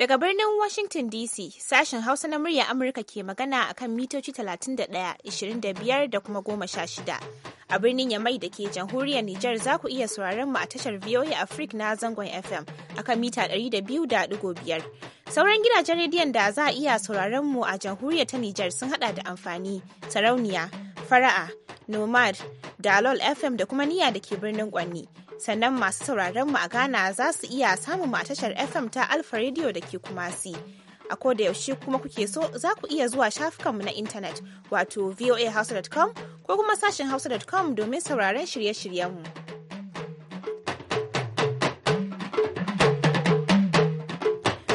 Daga birnin Washington DC, sashen Hausa na murya Amurka ke magana a kan mitoci 31, 25 da kuma 16. A birnin Yamai da ke jamhuriyar Nijar za ku iya sauraron mu a tashar VOA Africa na zangon FM a kan mita 200.5. Sauran gidajen rediyon da za a iya sauraron mu a jamhuriyar ta Nijar sun hada da amfani, sarauniya, fara'a, nomad, dalol FM da kuma niya da ke birnin Kwanni. sannan masu sauraron mu a Ghana za su iya samun matashar FM ta Alfa Radio da ke Kumasi. A koda yaushe kuma kuke so za ku iya zuwa shafukanmu na intanet wato voahouse.com ko kuma sashen hausa.com domin sauraron shirye-shiryenmu.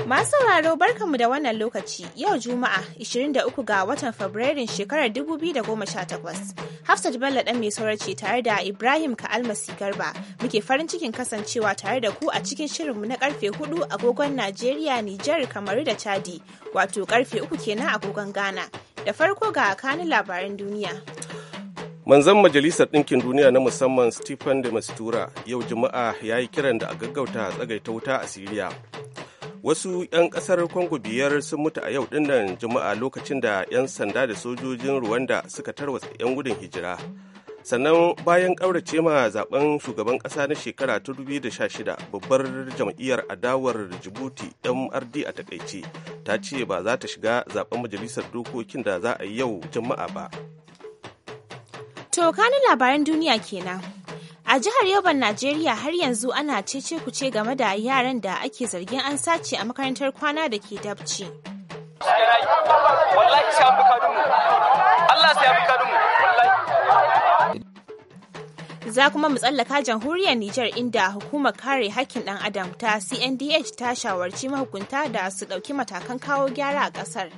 Masu sauraro barkanmu da wannan lokaci yau Juma'a 23 ga watan Fabrairun shekarar 2018. Hafsat Bello ɗan mai saurace tare da Ibrahim ka Almasi Garba muke farin cikin kasancewa tare da ku a cikin shirinmu na karfe 4 agogon Najeriya, Nijar, Kamaru da Chadi, wato karfe 3 kenan agogon Ghana. Da farko ga kanin labaran duniya. manzan majalisar ɗinkin duniya na musamman stephen de mistura yau juma'a ya yi kiran da a gaggauta tsagaita wuta a siriya wasu 'yan kasar congo biyar sun mutu a yau dinnan juma'a lokacin da 'yan sanda da sojojin rwanda suka tarwatsa 'yan gudun hijira sannan bayan ƙaurace ma zaben shugaban ƙasa na shekara ta 2016 babbar jam'iyyar adawar jibuti mrd a takaice ta ce ba za ta shiga zaben majalisar dokokin da za a yi yau juma'a ba to kanin labaran duniya kenan A jihar Yoban Najeriya har yanzu ana cece kuce game da yaran da ake zargin an sace a makarantar kwana da ke dabci. Za kuma mu tsallaka jamhuriyar Nijar inda hukumar kare hakkin ɗan adam ta CNDH ta shawarci mahukunta da su ɗauki matakan kawo gyara a ƙasar.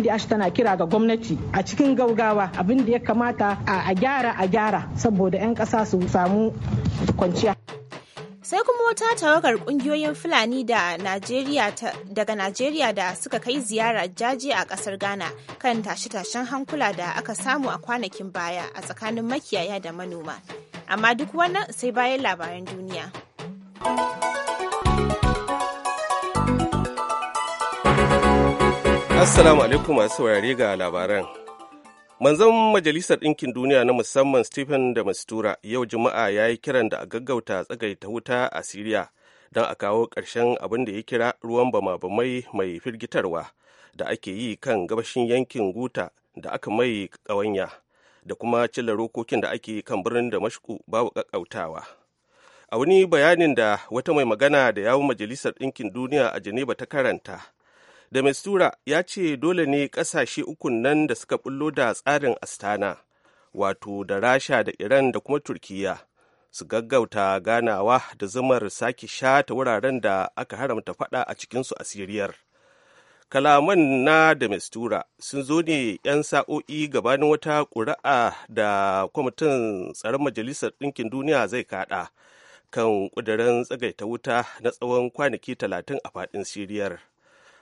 DH tana kira ga gwamnati a cikin gaugawa abin da ya kamata a gyara a gyara saboda 'yan ƙasa su samu kwanciya. sai kuma wata tawagar kungiyoyin fulani da Najeriya daga Najeriya da suka kai ziyara jaji a kasar Ghana kan tashe-tashen hankula da aka samu a kwanakin baya a tsakanin makiyaya da manoma. Amma duk wannan sai bayan labaran duniya. Assalamu alaikum masu saurare ga labaran. Manzon Majalisar Ɗinkin Duniya na musamman Stephen da Mastura yau Juma'a ya yi kiran da a gaggauta tsagaita wuta a Siriya don a kawo ƙarshen abin da ya kira ruwan bama-bamai mai firgitarwa da ake yi kan gabashin yankin Guta da aka mai ƙawanya da kuma cilla rokokin da ake yi kan birnin da mashku babu ƙaƙƙautawa. A wani bayanin da wata mai magana da yawun Majalisar Ɗinkin Duniya a Geneva ta karanta, da mistura ya ce dole ne ƙasashe ukun nan da suka bullo da tsarin astana wato da rasha da iran da kuma turkiya su gaggauta ganawa da zumar sake ta wuraren da aka haramta fada a cikinsu a siriyar kalaman na da mistura sun zo ne 'yan sa'o'i gabanin wata ƙuri'a da kwamitin tsaron majalisar ɗinkin duniya zai kaɗa kan ƙudurin tsagaita wuta na tsawon kwanaki talatin a faɗin siriyar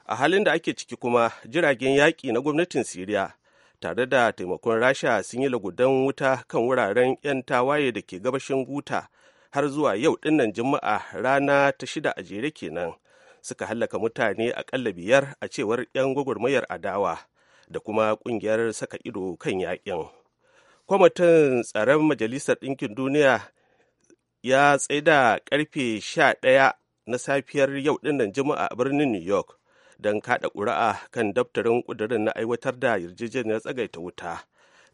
a halin da ake ciki kuma jiragen yaƙi na gwamnatin siriya tare da taimakon rasha sun yi lagudan wuta kan wuraren 'yan tawaye da ke gabashin guta har zuwa yau dinnan juma'a rana ta shida a jere kenan suka hallaka mutane akalla biyar a cewar 'yan gwagwarmayar adawa da kuma kungiyar saka ido kan yaƙin. kwamitin tsaron majalisar ɗinkin duniya ya tsaida karfe 11 na safiyar yau dinnan juma'a a birnin new york don kada ƙuri'a kan daftarin ƙudurin na aiwatar da yarjejeniyar tsagaita wuta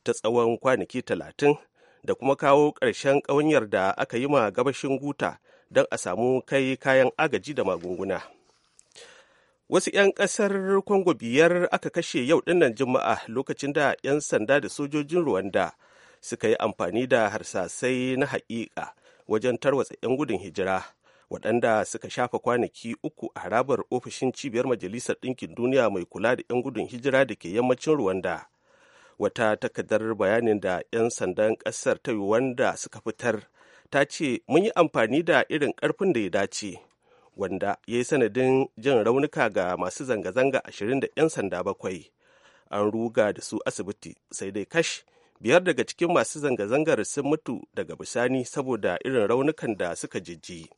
ta tsawon kwanaki talatin da kuma kawo ƙarshen ƙawanyar da aka yi ma gabashin guta don a samu kai kayan agaji da magunguna wasu 'yan ƙasar kwango biyar aka kashe yau dinnan juma'a lokacin da 'yan sanda da sojojin ruwanda suka yi amfani da harsasai na haƙiƙa wajen tarwatsa 'yan gudun hijira waɗanda suka shafa kwanaki uku a harabar ofishin cibiyar majalisar ɗinkin duniya mai kula da 'yan gudun hijira da ke yammacin ruwanda wata takardar bayanin da 'yan sandan ƙasar ta wanda suka fitar ta ce mun yi amfani da irin ƙarfin da ya dace wanda ya yi sanadin jin raunuka ga masu zanga-zanga ashirin da 'yan sanda bakwai an ruga da su asibiti sai dai kash biyar daga cikin masu zanga-zangar sun mutu daga bisani saboda irin raunukan da suka jijji.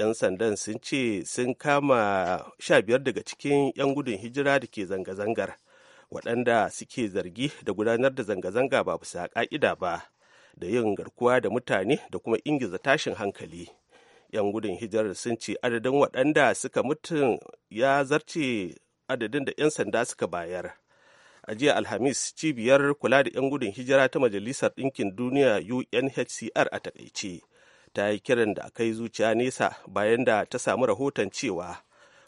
'yan sandan sun ce sun kama sha biyar daga cikin 'yan gudun hijira da ke zanga-zangar waɗanda suke zargi da gudanar da zanga-zanga ba bisa ƙa'ida ba da yin garkuwa da mutane da kuma ingiza tashin hankali 'yan gudun hijirar sun ce adadin waɗanda suka mutum ya zarce adadin da 'yan sanda suka bayar a jiya alhamis cibiyar kula da 'yan gudun hijira ta majalisar ɗinkin duniya unhcr a takaice ta yi kiran da aka yi zuciya nesa bayan da ta samu rahoton cewa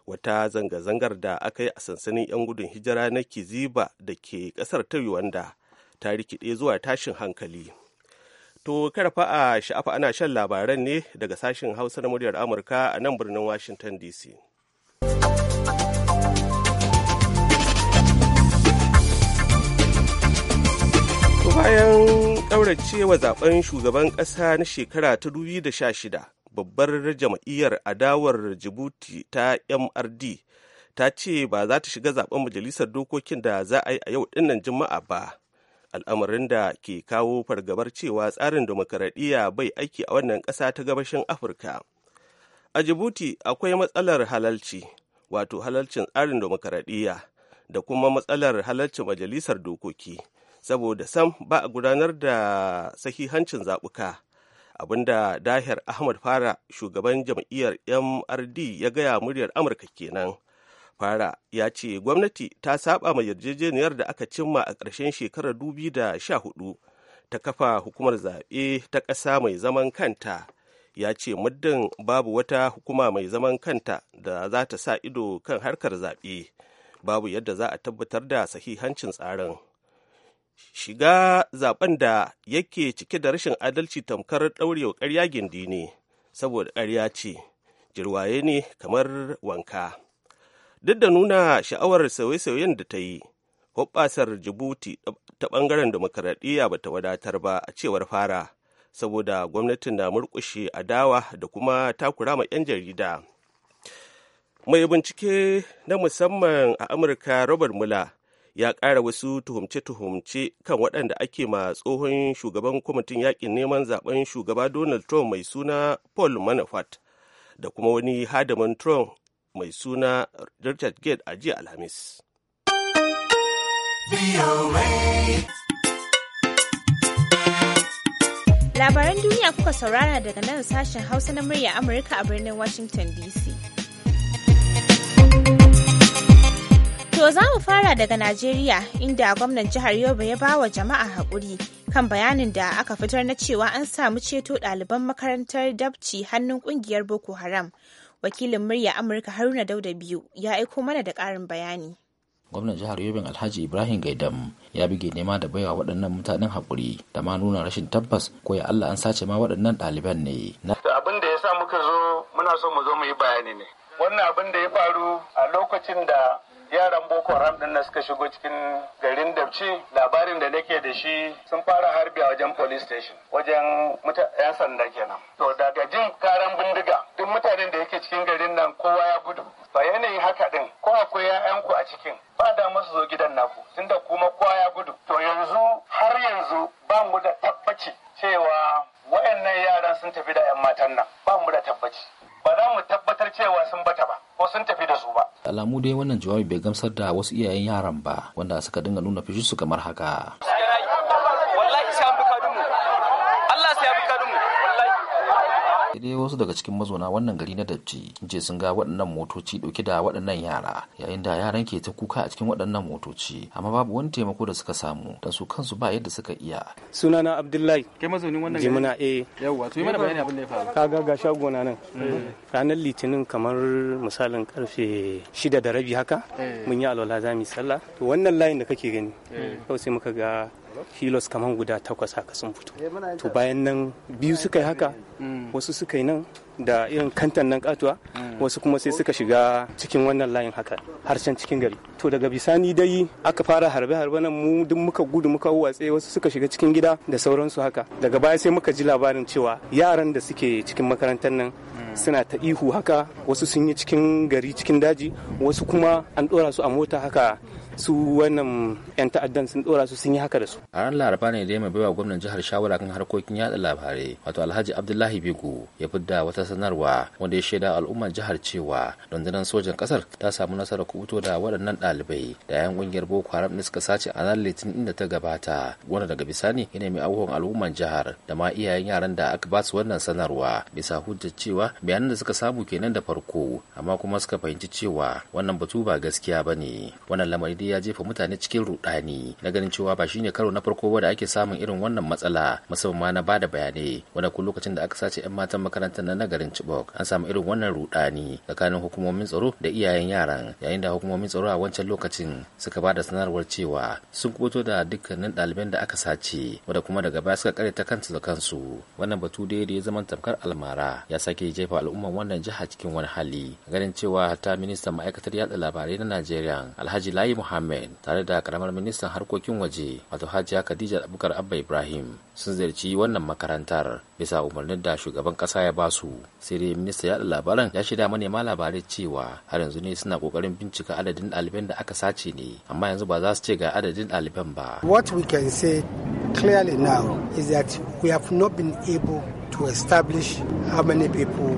wata zanga-zangar da aka yi a sansanin 'yan gudun hijira na kiziba da ke kasar ta wanda ta rikide zuwa tashin hankali. To karfa a sha'afa ana shan labaran ne daga sashen Hausa na muryar Amurka a nan birnin Washington DC. bayan ƙaurace wa zaben shugaban ƙasa na shekara ta 2016 babbar jam'iyyar adawar jibuti ta mrd ta ce ba za ta shiga zaben majalisar dokokin da za a yi a yau dinnan juma'a ba al'amarin da ke kawo fargabar cewa tsarin demokaradiyya bai aiki a wannan ƙasa ta gabashin afirka a jibuti akwai matsalar halalci wato halalcin tsarin demokaradiyya da kuma matsalar halalcin majalisar dokoki saboda sam ba a gudanar da sahihancin zaɓuka abinda dahir ahmad fara shugaban jam'iyyar mrd ya gaya muryar amurka kenan fara ya ce gwamnati ta saba ma yarjejeniyar da aka cimma a ƙarshen shekarar dubi da sha 2014 ta kafa hukumar zaɓe ta ƙasa mai zaman kanta ya ce muddin babu wata hukuma mai zaman kanta da za ta sa ido kan harkar zaɓe babu yadda za a tabbatar da sahihancin tsarin shiga zaben da yake cike da rashin adalci tamkar ɗaurewa ƙarya gindi ne saboda ƙarya ce jirwaye ne kamar wanka duk da nuna sha'awar sauye-sauyen da ta yi hoɓɓasar jibuti ta ɓangaren demokaradiyya ba ta wadatar ba a cewar fara saboda gwamnatin na murƙushe adawa da kuma takura ma 'yan jarida mai bincike na musamman a amurka robert mula ya ƙara wasu tuhumce-tuhumce kan waɗanda ake ma tsohon shugaban kwamitin yakin neman zaben shugaba donald trump mai suna paul manafort da kuma wani hadaman trump mai suna richard gate a jiya alhamis labaran duniya kuka saurara daga nan sashen hausa na murya amurka a birnin washington dc To za mu fara daga Najeriya inda gwamnan jihar Yobe ya ba wa jama'a haƙuri kan bayanin da aka fitar na cewa an samu ceto ɗaliban makarantar dabci hannun ƙungiyar Boko Haram. Wakilin murya Amurka Haruna Dauda biyu ya aiko mana da ƙarin bayani. gwamnan jihar yobe alhaji ibrahim gaidam ya bige nema da baiwa waɗannan mutanen haƙuri da ma nuna rashin tabbas ko ya allah an sace ma waɗannan ɗaliban ne abin da ya sa muka zo muna so mu zo mu yi bayani ne wannan abin da ya faru a lokacin da yaran boko haram din na suka shigo cikin garin dabci labarin da nake da shi sun fara harbi a wajen police station wajen yan sanda kenan to daga jin karan bindiga duk mutanen da yake cikin garin nan kowa ya gudu ba yanayin haka din ko akwai 'ya'yanku a cikin ba da masu zo gidan naku alamu dai wannan jawabi bai gamsar da wasu iyayen yaran ba wanda suka dinga nuna fushin su kamar haka dai wasu daga cikin mazauna wannan gari na dabci je sun ga waɗannan motoci ɗauke da waɗannan yara yayin da yaran ke ta kuka a cikin waɗannan motoci amma babu wani taimako da suka samu dan su kansu ba yadda suka iya sunana abdullahi kai mazaunin wannan jimina eh yawa to yi mana bayani abin da ya faru kaga ga shagona nan eh. ranar litinin kamar misalin karfe shida da rabi haka eh. mun yi alwala za yi sallah to wannan layin da kake gani eh. kawai sai muka ga hilos kamar guda takwas haka sun fito eh, to bayan nan biyu suka yi haka mm. wasu suka yi nan da irin kantan nan katuwa mm. wasu kuma sai suka shiga cikin wannan layin haka harshen cikin gari to daga bisani dai aka fara harbe harbe nan mu duk muka gudu muka watse wasu suka shiga cikin gida da sauransu haka daga baya sai muka ji labarin cewa yaran da suke cikin makarantar nan mm. suna ta ihu haka wasu sun yi cikin gari cikin daji wasu kuma an dora su a mota haka su wannan 'yan ta'addan sun dora su sun yi haka da su. A ran Laraba ne dai mai baiwa gwamnan jihar shawara kan harkokin yada labarai wato Alhaji Abdullahi Bego ya fidda wata sanarwa wanda ya shaida al'ummar jihar cewa rundunar sojan kasar ta samu nasarar kubuto da waɗannan ɗalibai da 'yan ƙungiyar Boko Haram da suka sace a nan Litinin inda ta gabata wanda daga bisani ya nemi abubuwan al'ummar jihar da ma iyayen yaran da aka basu wannan sanarwa bisa hujjar cewa bayanan da suka samu kenan da farko amma kuma suka fahimci cewa wannan batu ba gaskiya ba ne wannan lamari dai ya jefa mutane cikin rudani na ganin cewa ba shine karo na farko ba da ake samun irin wannan matsala musamman na bada bayanai wanda ko lokacin da aka sace yan matan makarantar na garin Chibok an samu irin wannan rudani tsakanin hukumomin tsaro da iyayen yaran yayin da hukumomin tsaro a wancan lokacin suka ba da sanarwar cewa sun kuto da dukkanin ɗaliban da aka sace wanda kuma daga baya suka kare ta kansu da kansu wannan batu dai da ya zama tamkar almara ya sake jefa al'umman wannan jiha cikin wani hali ganin cewa ta ministan ma'aikatar yada labarai na Najeriya Alhaji Layi Mohammed tare da karamar ministan harkokin waje wato Hajiya Khadija Abubakar Abba Ibrahim sun ziyarci wannan makarantar bisa umarnin da shugaban kasa ya basu sai dai minista yaɗa labaran ya shida manema labarai cewa har yanzu ne suna kokarin bincika adadin ɗaliban da aka sace ne amma yanzu ba za su ce ga adadin ɗaliban ba. What we can say clearly now is that we have not been able to establish how many people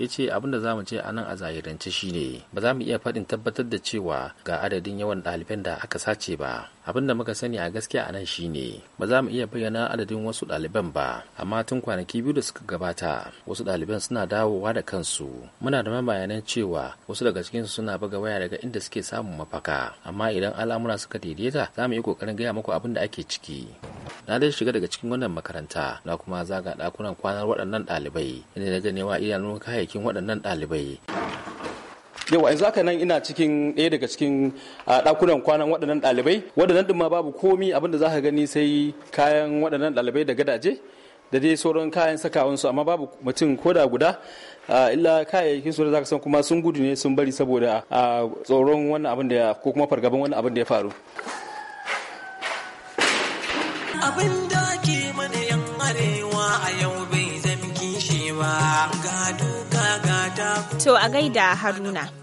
Ya ce abin da za mu ce a nan a zahirance shine ba za mu iya faɗin tabbatar da cewa ga adadin yawan ɗaliban da aka sace ba. abin da muka sani a gaskiya a nan shine ba za mu iya bayyana adadin wasu ɗaliban ba amma tun kwanaki biyu da suka gabata wasu ɗaliban suna dawowa da kansu muna da mabayanan cewa wasu daga cikin suna buga waya daga inda suke samun mafaka amma idan al'amura suka daidaita za mu yi kokarin gaya muku abin da ake ciki na dai shiga daga cikin wannan makaranta na kuma zaga ɗakunan kwanar waɗannan ɗalibai inda na ganewa idanun kayayyakin waɗannan ɗalibai yau yanzu haka nan ina cikin ɗaya daga cikin ah, ɗakunan kwanan waɗannan ɗalibai waɗannan ɗin ma babu komi abinda za ka gani sai kayan waɗannan ɗalibai da gadaje da dai sauran kayan sakawansu amma babu mutum ko da guda ah, illa kayayyakin su da zaka san kuma sun gudu ne sun bari saboda ah, tsoron wannan abin da ya ko kuma fargaban wannan abin da ya faru abin da mana yan arewa a yau bai zama kishi ba to a gaida haruna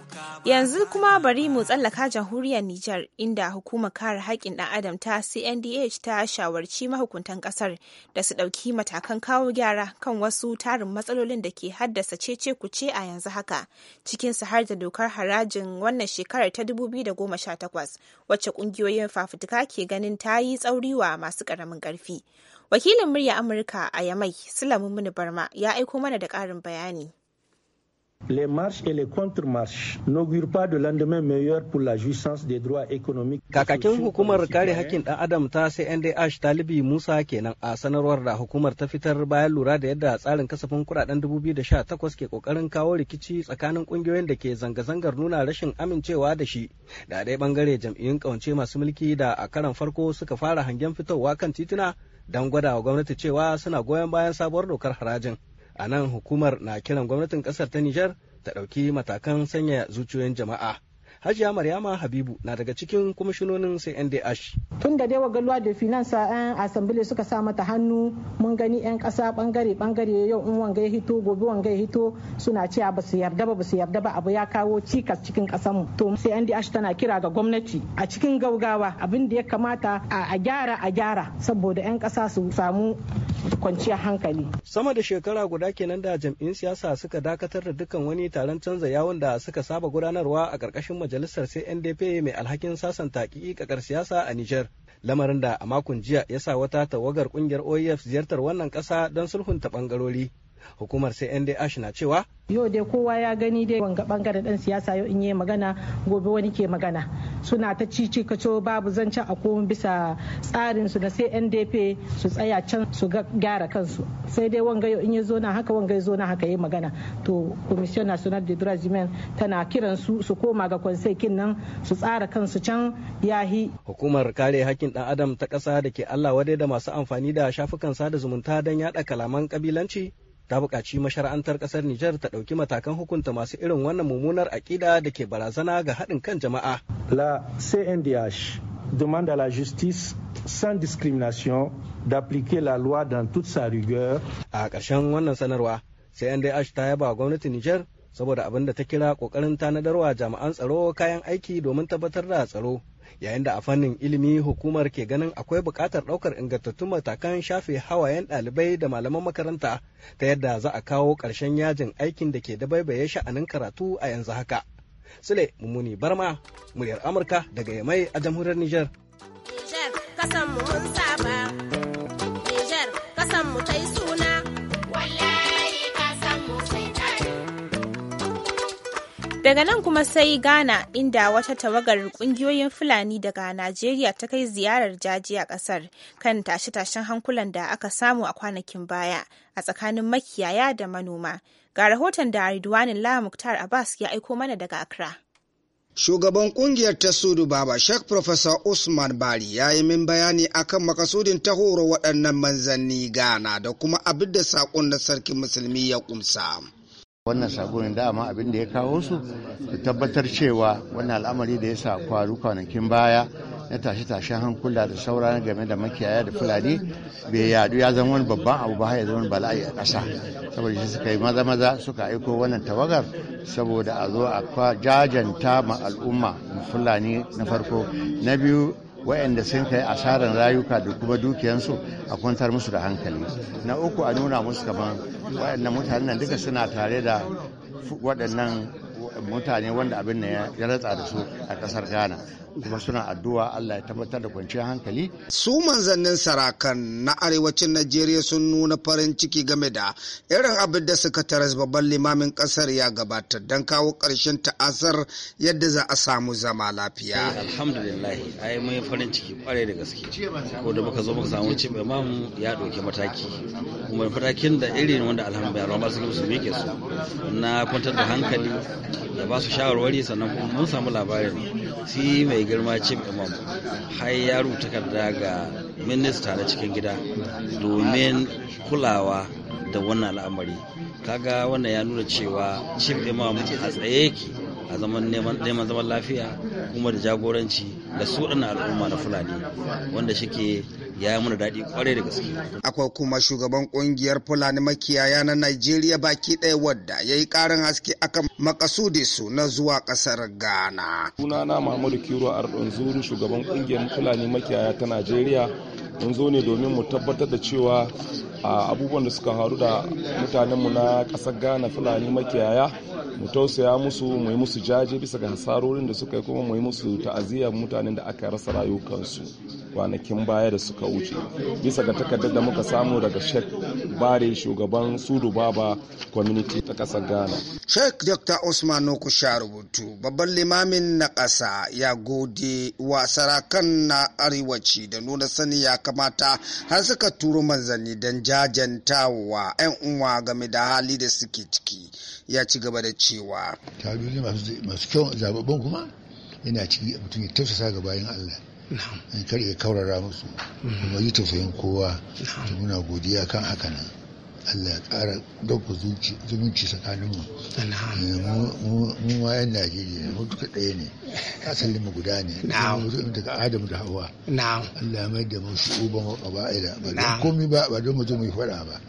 Yanzu kuma bari mu tsallaka jamhuriyar Nijar inda hukumar kare haƙƙin ɗan adam ta CNDH ta shawarci mahukuntan ƙasar da su ɗauki matakan kawo gyara kan wasu tarin matsalolin da ke haddasa cece kuce a yanzu haka cikin su har da dokar harajin wannan shekarar ta 2018 wacce ƙungiyoyin fafutuka ke ganin ta yi tsauri wa masu ƙaramin ƙarfi. Wakilin murya Amurka a Yamai, Sulamun Barma, ya aiko mana da ƙarin bayani. Les marches et les contre-marches n'augurent pas de lendemain meilleur pour la jouissance des droits économiques. Kakakin hukumar kare hakkin ɗan Adam ta CNDH Talibi Musa kenan a sanarwar da hukumar ta fitar bayan lura da yadda tsarin kasafin kuɗaɗen 2018 ke kokarin kawo rikici tsakanin ƙungiyoyin da ke zanga-zangar nuna rashin amincewa da shi. Da ɗaya ɓangare jam'iyyun ƙawance masu mulki da a karan farko suka fara hangen fitowa kan tituna don gwada gwamnati cewa suna goyon bayan sabuwar dokar harajin. a nan hukumar na kiran gwamnatin kasar ta nijar ta ɗauki matakan sanya zuciyoyin jama'a Hajiya Maryama Habibu na daga cikin kwamishinonin CNDH. Tun da dai galuwa da finansa 'yan eh, asambile suka sa mata hannu mun gani 'yan ƙasa bangare-bangare yau in wanga ya hito gobe wanga ya hito suna cewa ba su yarda ba ba su yarda ba abu ya kawo cikas cikin mu To CNDH tana kira ga gwamnati a cikin gaugawa abin da ya kamata a gyara a gyara saboda 'yan kasa su samu kwanciyar hankali. Sama da shekara guda kenan da jam'in siyasa suka dakatar da dukkan wani taron canza yawon da suka saba gudanarwa a ƙarƙashin majalisar majalisar CNDP mai alhakin sasanta kikikakar siyasa a Nijar. Lamarin da a makon jiya ya sa wata tawagar ƙungiyar OEF ziyartar wannan ƙasa don sulhunta ɓangarori. hukumar cndh na cewa yau dai kowa ya gani dai wanga bangaren dan siyasa yau in yi magana gobe wani ke magana suna ta cici kaco babu zancen a komai bisa tsarin su na cndp su tsaya can su ga gyara kansu sai dai wanga yau in yi zona haka wanga ya zo haka yi magana to commission national de droits tana kiran su su koma ga konsaikin nan su tsara kansu can yahi hukumar kare hakkin dan adam ta kasa da ke Allah wadai da masu amfani da shafukan sada zumunta don yada kalaman kabilanci ta buƙaci mashara'antar ƙasar Nijar ta ɗauki matakan hukunta masu irin wannan mummunar aƙida da ke barazana ga haɗin kan jama'a. La CNDH demande à la justice sans discrimination d'appliquer la loi dans toute sa rigueur. A ƙarshen wannan sanarwa, CNDH ta yaba gwamnatin Nijar saboda abin da ta kira ƙoƙarin tanadarwa jami'an tsaro kayan aiki domin tabbatar da tsaro. yayin da a fannin ilimi hukumar ke ganin akwai buƙatar ɗaukar ingantattun matakan shafe hawayen ɗalibai da malaman makaranta ta yadda za a kawo ƙarshen yajin aikin da ke da baibaye sha'anin karatu a yanzu haka. Sule Mummuni Barma, muryar Amurka daga Yamai a jamhuriyar Nijar. Nijar, kasan mu mun saba. Nijar, kasan mu ta su Daga nan kuma sai Ghana inda wata tawagar kungiyoyin Fulani daga Najeriya ta kai ziyarar jaji a kasar kan tashe-tashen hankulan da aka samu a kwanakin baya a tsakanin makiyaya da manoma. Ga rahoton da Ridwanin La Muktar Abbas ya aiko mana daga Accra. Shugaban kungiyar ta Sudu Baba Sheikh Professor Usman Bari ya yi min bayani akan makasudin ta horo waɗannan manzanni Ghana da kuma abin da saƙon na sarkin musulmi ya ƙumsa. wannan da dama abin da ya kawo su su tabbatar cewa wannan al'amari da ya sa kwaru kwanakin baya na tashe-tashen hankula da saura game da makiyaya da fulani bai yadu ya zama wani babban abu ba ya zama bala'i a ƙasa saboda shi suka yi maza-maza suka aiko wannan tawagar saboda a zo a jajanta ma al'umma fulani na farko na biyu wa'anda sun kai asarar rayuka da kuma dukiyansu a kwantar musu da hankali na uku a nuna musu kamar waɗannan mutanen duka suna tare da waɗannan mutane wanda abin ya ratsa da su a ƙasar ghana kuma suna addu'a Allah ya tabbatar da kwanciyar hankali. Su manzannin sarakan na arewacin Najeriya sun nuna farin ciki game da irin abin da suka taras babban limamin kasar ya gabatar don kawo ƙarshen ta'asar yadda za a samu zama lafiya. Eh, alhamdulillah ai mun farin ciki kwarai da gaske. Ko da muka zo muka samu cin imam ya ɗauki mataki. Kuma matakin da irin wanda alhamdulillah ba su musulmi ke so na kwantar da hankali da ba su shawarwari sannan kuma mun samu labarin si mai girma chief imam har ya rubuta takarda ga minista na cikin gida domin kulawa da wannan al'amari kaga wannan ya nuna cewa chief imam a tsaye yake a zaman neman zaman lafiya kuma da jagoranci da su al'umma na fulani wanda shike ya yi mana daɗi kwarai da gaske. Akwai kuma shugaban kungiyar Fulani makiyaya na Najeriya baki ɗaya wadda ya yi ƙarin haske akan makasudi su na zuwa ƙasar Ghana. Sunana Muhammadu Kiro Ardon Zuru shugaban kungiyar Fulani makiyaya ta Najeriya mun zo ne domin mu tabbatar da cewa a abubuwan da suka haru da mutanenmu na ƙasar ghana fulani makiyaya mu tausaya musu mu yi musu jaje bisa ga hasarorin da suka yi kuma mu yi musu ta'aziyar mutanen da aka rasa rayukansu kwanakin baya da suka wuce bisa ga takardar da muka samu daga shek bare shugaban sudu baba community ta ƙasar ghana shek dr usman noku rubutu babban limamin na ƙasa ya gode wa sarakan na arewaci da nuna sani ya kamata har suka turo manzanni don jajantawa 'yan uwa game da hali da suke ciki ya ci gaba da cewa tabiyoyi masu kyau zababban kuma yana ciki mutum ya tausasa ga bayan allah kar ya kaurara musu kuma yi tausayin kowa muna godiya kan haka nan Allah ya ƙara dauka zumunci tsakanin eh, mu mu wayan Najeriya Najeriya mutu ka ɗaya ne asalin mu guda ne daga Adam da Hawwa Allah ya maida da mu shu'uban uban qaba'ila ba don ba ba don mu zo mu faɗa ba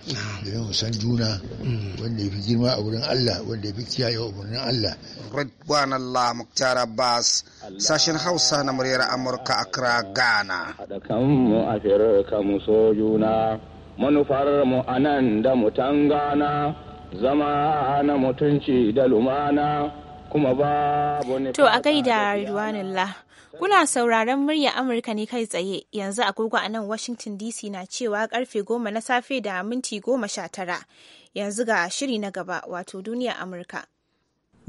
domin mu san juna mm. wanda ya fi girma a wurin Allah wanda ya fi kiyaye umarnin Allah Ridwan Allah Muktar Abbas sashen Hausa na muryar Amurka Accra Ghana Haɗa kan mu a mu so juna manufar mu nan da mutan gana zama na mutunci da lumana kuma babu To a gaida Ridwanullah. Kuna sauraron murya Amurka ne kai tsaye yanzu agogo a nan Washington DC na cewa karfe goma na safe da minti goma sha tara. Yanzu ga shiri na gaba wato duniya Amurka.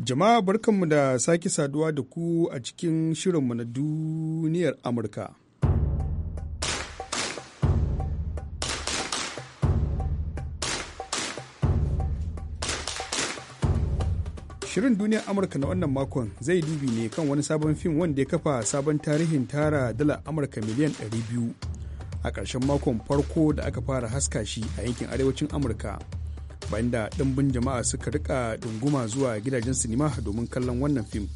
Jama'a barkanmu da sake saduwa da ku a cikin shirinmu na duniyar Amurka. Shirin duniyar Amurka na wannan makon zai dubi ne kan wani sabon fim wanda ya kafa sabon tarihin tara dala Amurka miliyan 200 a ƙarshen makon farko da aka fara haska shi a yankin arewacin Amurka. Bayan da ɗimbin jama'a suka rika dunguma zuwa gidajen sinima domin kallon wannan fim.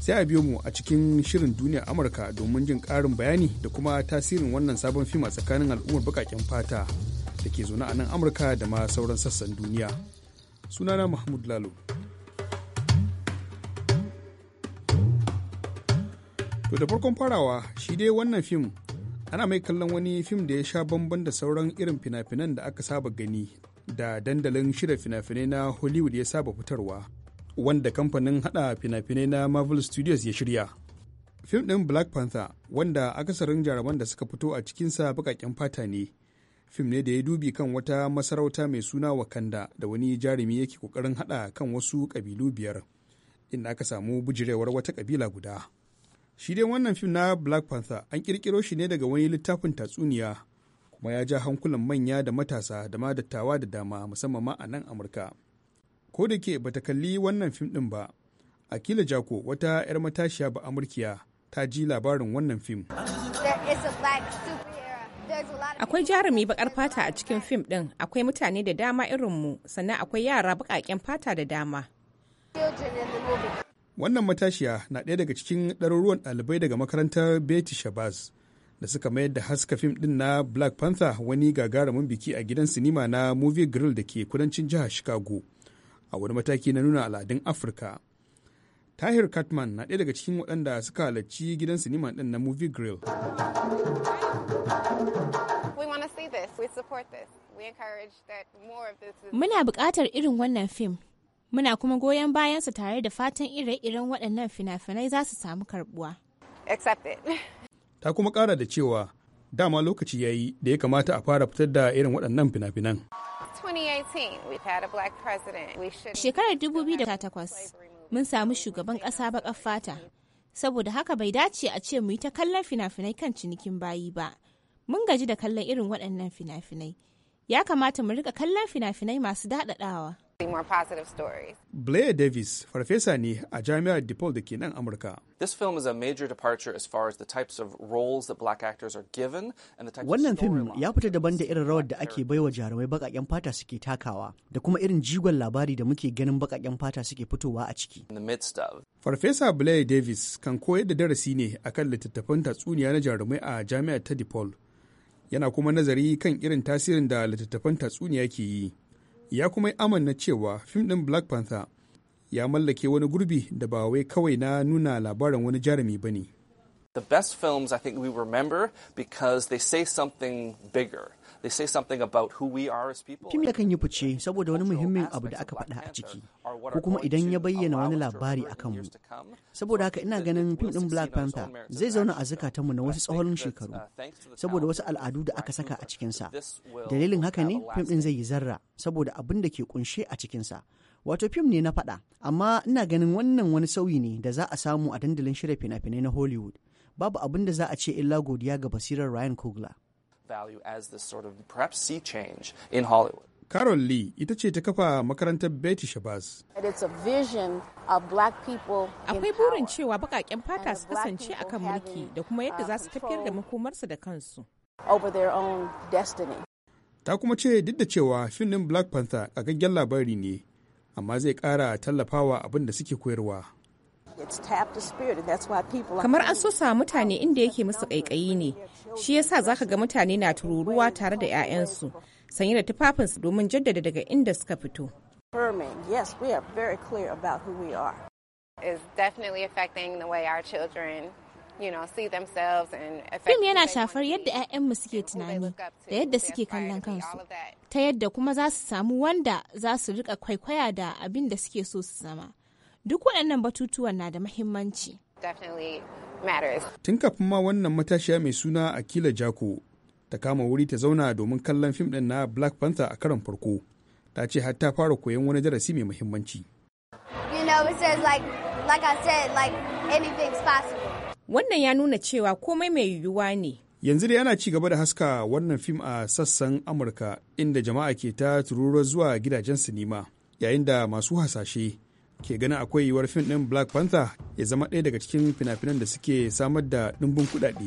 Sai a biyo mu a cikin shirin duniyar Amurka domin jin ƙarin bayani da kuma tasirin wannan sabon fim a tsakanin al'ummar baƙaƙen fata da ke zaune a nan Amurka da ma sauran sassan duniya. Sunana Mahmud Lalo. To da farkon farawa shi dai wannan fim ana mai kallon wani fim da ya sha bamban da sauran irin fina-finan da aka saba gani da dandalin shirya fina-finai na Hollywood ya saba fitarwa wanda kamfanin hada fina-finai na Marvel Studios ya shirya. Fim ɗin Black Panther wanda akasarin jaruman da suka fito a cikinsa baƙaƙen fata ne. Fim ne da ya dubi kan wata masarauta mai suna Wakanda da wani jarumi yake ƙoƙarin hada kan wasu ƙabilu biyar inda aka samu bujirewar wata ƙabila guda. Shi dai wannan fim na Black Panther an kirkiro shi ne daga wani littafin tatsuniya kuma ya ja hankulan manya da matasa da ma dattawa da dama musamman ma a nan Amurka. Ko da ke bata kalli wannan fim ɗin ba, Akila Jako wata 'yar matashiya ba Amurkiya ta ji labarin wannan fim. Akwai jarumi bakar fata a cikin fim ɗin, akwai mutane da dama irin mu sannan akwai yara baƙaƙen fata da dama. Wannan matashiya na ɗaya daga cikin ɗaruruwan ɗalibai daga makarantar Betty Shabazz da suka mayar da haska fim ɗin na Black Panther wani gagarumin biki a gidan sinima na Movie Grill da ke kudancin jihar Chicago a wani mataki na nuna al'adun Afirka. Tahir Katman na ɗaya daga cikin waɗanda suka halarci gidan sinima ɗin na Movie Grill. Muna buƙatar irin wannan fim. Muna kuma goyon bayansa tare da fatan ire-iren waɗannan fina-finai za su samu karbuwa. Ta kuma ƙara da cewa dama lokaci ya yi da ya kamata a fara fitar da irin waɗannan fina-finan. Shekarar 2008 mun samu shugaban ƙasa baƙar fata, saboda haka bai dace a ce mu yi ta kallon fina-finai kan cinikin bayi ba. Mun gaji da kallon irin waɗannan fina-finai. Ya kamata mu rika kallon fina-finai masu daɗaɗawa. Blair Davis farfesa ne a jami'ar DePaul da ke nan Amurka. Wannan fim ya fita daban da irin rawar da ake baiwa jarumai bakaken fata suke takawa da kuma irin jigon labari da muke ganin bakaken fata suke fitowa a ciki. Farfesa Blair Davis kan koyar da darasi ne akan littattafan tatsuniya na jarumai a jami'ar ta DePaul. Yana kuma nazari kan irin tasirin da littattafan tatsuniya ke yi. ya kuma yi amanna cewa fim ɗin black panther ya mallake wani gurbi da ba wai kawai na nuna labarin wani jarumi ba ne the best films i think we remember because they say something bigger Fim kan yi fice saboda wani muhimmin abu da aka faɗa a ciki, ko kuma idan ya bayyana wani labari a kanmu. Saboda haka ina ganin fim ɗin Black Panther zai zauna a zukatanmu na wasu tsawon uh, shekaru, saboda wasu al'adu da aka saka a cikinsa. Dalilin haka ne fim ɗin zai yi zarra, saboda abin da ke kunshe a cikinsa. Wato fim ne na faɗa, amma ina ganin wannan wani sauyi ne da za a samu a dandalin shirya fina-finai na Hollywood. Babu abin da za a ce illa godiya ga basirar Ryan Coogler. value as this sort of perhaps sea change in Hollywood. Carol Lee ita ce ta kafa makarantar Betty Shabazz. Akwai burin cewa bakaken fata su kasance a kan mulki da kuma yadda uh, za su tafiyar da makomarsa da kansu. Ta kuma ce duk da cewa fim Black Panther ƙagaggen labari ne, amma zai kara tallafawa abin da suke koyarwa. Kamar an sosa mutane inda yake musu ƙaiƙayi ne, shi yasa zaka ga mutane na tururuwa tare da 'ya'yansu, sanye da tufafinsu domin jaddada daga inda suka fito. Fim yana shafar yadda 'ya'yanmu suke tunani da yadda suke kallon kansu, ta yadda kuma za su samu wanda za su rika kwaikwaya da abin da suke so su zama. duk waɗannan batutuwan na da mahimmanci. Tun kafin ma wannan matashiya mai suna Akila Jako ta kama wuri ta zauna domin kallon fim ɗin na Black Panther a karon farko. Ta ce har ta fara koyon wani darasi mai muhimmanci. Wannan ya nuna cewa komai mai yiwuwa ne. Yanzu dai yana ci gaba da haska wannan fim a sassan Amurka inda jama'a ke ta tururuwa zuwa gidajen sinima yayin da masu hasashe ke ganin akwai yiwuwar fim ɗin black panther ya zama ɗaya daga cikin fina-finan da suke samar da ɗumbin kuɗaɗe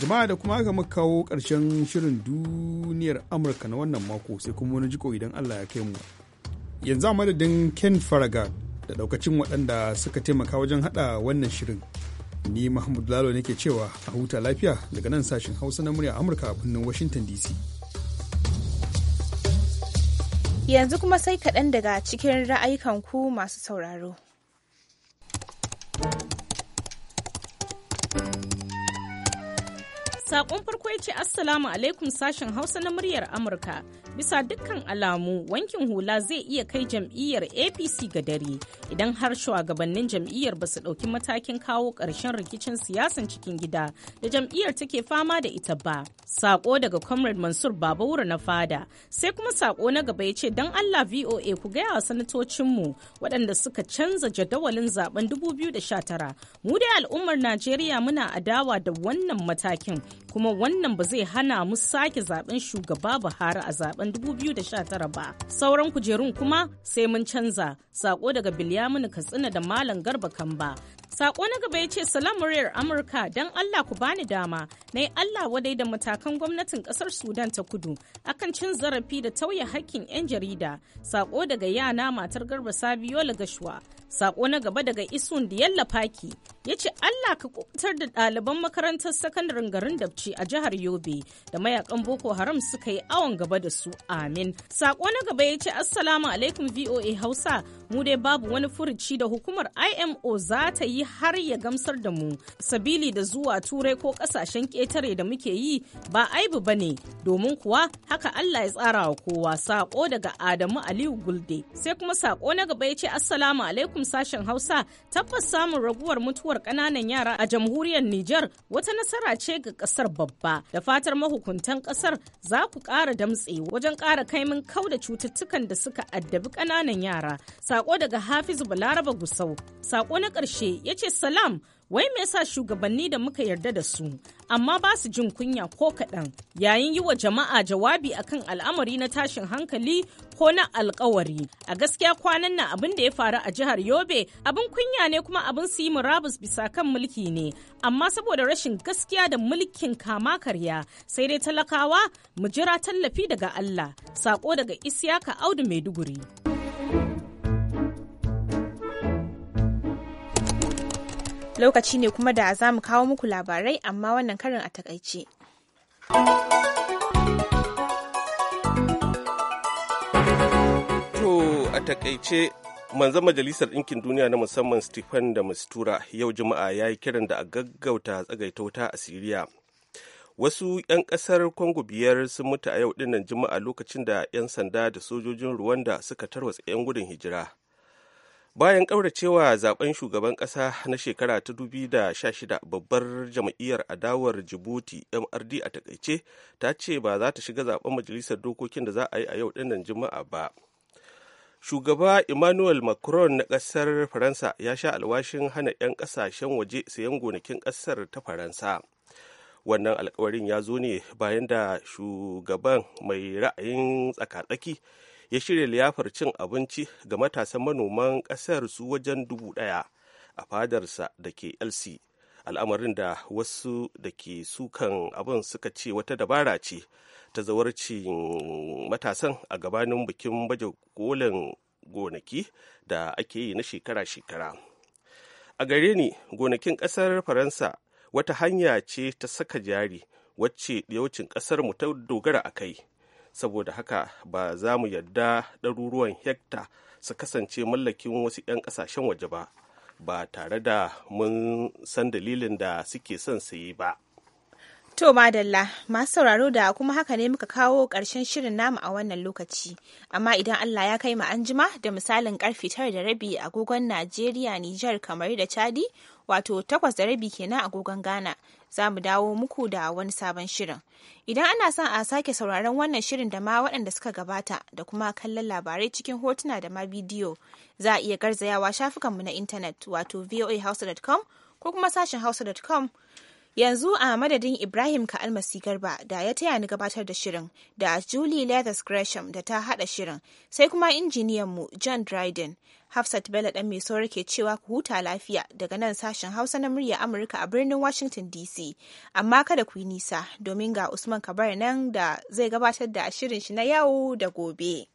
jama'a da kuma aka muka kawo ƙarshen shirin duniyar amurka na wannan mako sai kuma wani jiko idan allah ya kai mu yanzu a madadin ken faraga da ɗaukacin waɗanda suka taimaka wajen haɗa wannan shirin ni mahmud lalo nake cewa a huta lafiya daga nan sashen hausa na murya amurka a birnin washington dc Yanzu kuma sai kaɗan daga cikin ra'ayikan ku masu sauraro. Sakon farko ya ce Assalamu alaikum sashen Hausa na muryar Amurka. Bisa dukkan alamu wankin hula zai iya kai jam'iyyar APC ga dare idan har shugabannin jam'iyyar ba su ɗauki matakin kawo ƙarshen rikicin siyasan cikin gida da jam'iyyar take fama da ita ba. Sako daga Comrade Mansur Babawura na fada. Sai kuma sako na gaba ya ce don Allah VOA ku gaya wa sanatocinmu waɗanda suka canza jadawalin zaben 2019. Mu dai al'ummar Najeriya muna adawa da wannan matakin kuma wannan ba zai hana mu sake zaben shugaba Buhari a zaben 2019 ba. Sauran kujerun kuma sai mun canza sako daga Bilyamin Katsina da Malam Garba Kamba Sako na gaba ya ce salam muryar Amurka don Allah ku bani dama na yi Allah wadai da matakan gwamnatin kasar Sudan ta kudu akan cin zarafi da tauye hakkin 'yan jarida. Sako daga yana matar Garba Sabiyo Lagashwa. Sako na gaba daga Isun Diyalla Faki ya ce Allah ka kubutar da ɗaliban makarantar sakandaren garin Dabci a jihar Yobe da mayakan Boko Haram suka yi awon gaba da su amin. Sako na gaba ya ce Assalamu alaikum VOA Hausa mu dai babu wani furuci da hukumar IMO za ta yi har ya gamsar da mu sabili da zuwa turai ko kasashen ƙetare da muke yi ba aibu ba ne domin kuwa haka Allah ya tsara wa kowa saƙo daga Adamu Aliyu Gulde sai kuma saƙo na gaba ya ce Assalamu alaikum sashen Hausa tabbas samun raguwar mutuwar ƙananan yara a jamhuriyar Nijar wata nasara ce ga ƙasar babba da fatar mahukuntan ƙasar za ku ƙara damtse wajen ƙara kaimin kau da cututtukan da suka addabi ƙananan yara saƙo daga Hafizu Balaraba Gusau saƙo na ƙarshe ya ce salam wai me yasa shugabanni da muka yarda da su amma ba su jin kunya ko kaɗan yayin yi wa jama'a jawabi akan al'amari na tashin hankali ko na alkawari a gaskiya kwanan nan abin da ya faru a jihar yobe abin kunya ne kuma abin su yi murabus bisa kan mulki ne amma saboda rashin gaskiya da mulkin kama karya sai dai talakawa mu jira tallafi daga allah sako daga isyaka audu maiduguri. Lokaci ne kuma da za mu kawo muku labarai amma wannan karin a takaice. To a takaice manzan majalisar ɗinkin duniya na musamman stephen da mistura yau juma'a ya yi kiran da a gaggauta tsagaita wuta a siriya wasu 'yan ƙasar congo biyar sun mutu a yau dinnan juma'a lokacin da 'yan sanda da sojojin Ruwanda suka tarwatsa 'yan gudun hijira bayan ƙauracewa zaben shugaban ƙasa na shekara ta 2016 babbar jam'iyyar adawar jibuti mrd a takaice ta ce ba za ta shiga zaben majalisar dokokin da za a yi a yau dinnan juma'a ba shugaba emmanuel macron na ƙasar faransa ya sha alwashin hana 'yan ƙasashen waje sayan gonakin ƙasar ta faransa wannan alkawarin ya zo ne bayan da shugaban mai ra'ayin tsaka tsaki. ya shirya liyafar cin abinci ga matasan manoman ƙasar su wajen dubu ɗaya a fadarsa da ke lc al'amarin da wasu da ke sukan abin suka ce wata dabara ce ta zawarci matasan a gabanin bikin baje kolin gonaki da ake yi na shekara-shekara a gare ni gonakin ƙasar faransa wata hanya ce ta saka jari wacce yawancin ƙasar mu ta dogara a kai saboda haka ba za mu yarda ɗaruruwan hekta su kasance mallakin wasu 'yan ƙasashen waje ba ba tare da mun san dalilin da suke son saye ba. To madalla masu sauraro da kuma haka ne muka kawo ƙarshen shirin namu a wannan lokaci. Amma idan Allah ya kai mu anjima da misalin karfe tara da rabi agogon Najeriya, niger kamar da Chadi, wato takwas da rabi kenan a gogon Ghana. Za mu dawo muku da wani sabon shirin. Idan ana son a sake sauraron wannan shirin da ma waɗanda suka gabata da kuma kallon labarai cikin hotuna da ma bidiyo, za a iya garzayawa shafukanmu na intanet wato voahausa.com ko kuma sashen hausa.com Yanzu a madadin Ibrahim Ka'almasi Garba da ya taya ni gabatar da shirin da Julie Leathers Gresham da ta hada shirin sai kuma mu John Dryden. Hafsat Bello dan mai ke cewa ku huta lafiya daga nan sashen Hausa na murya Amurka a birnin Washington DC. Amma kada ku yi nisa domin ga Usman Kabar nan da zai gabatar da shirin shi na yau da gobe.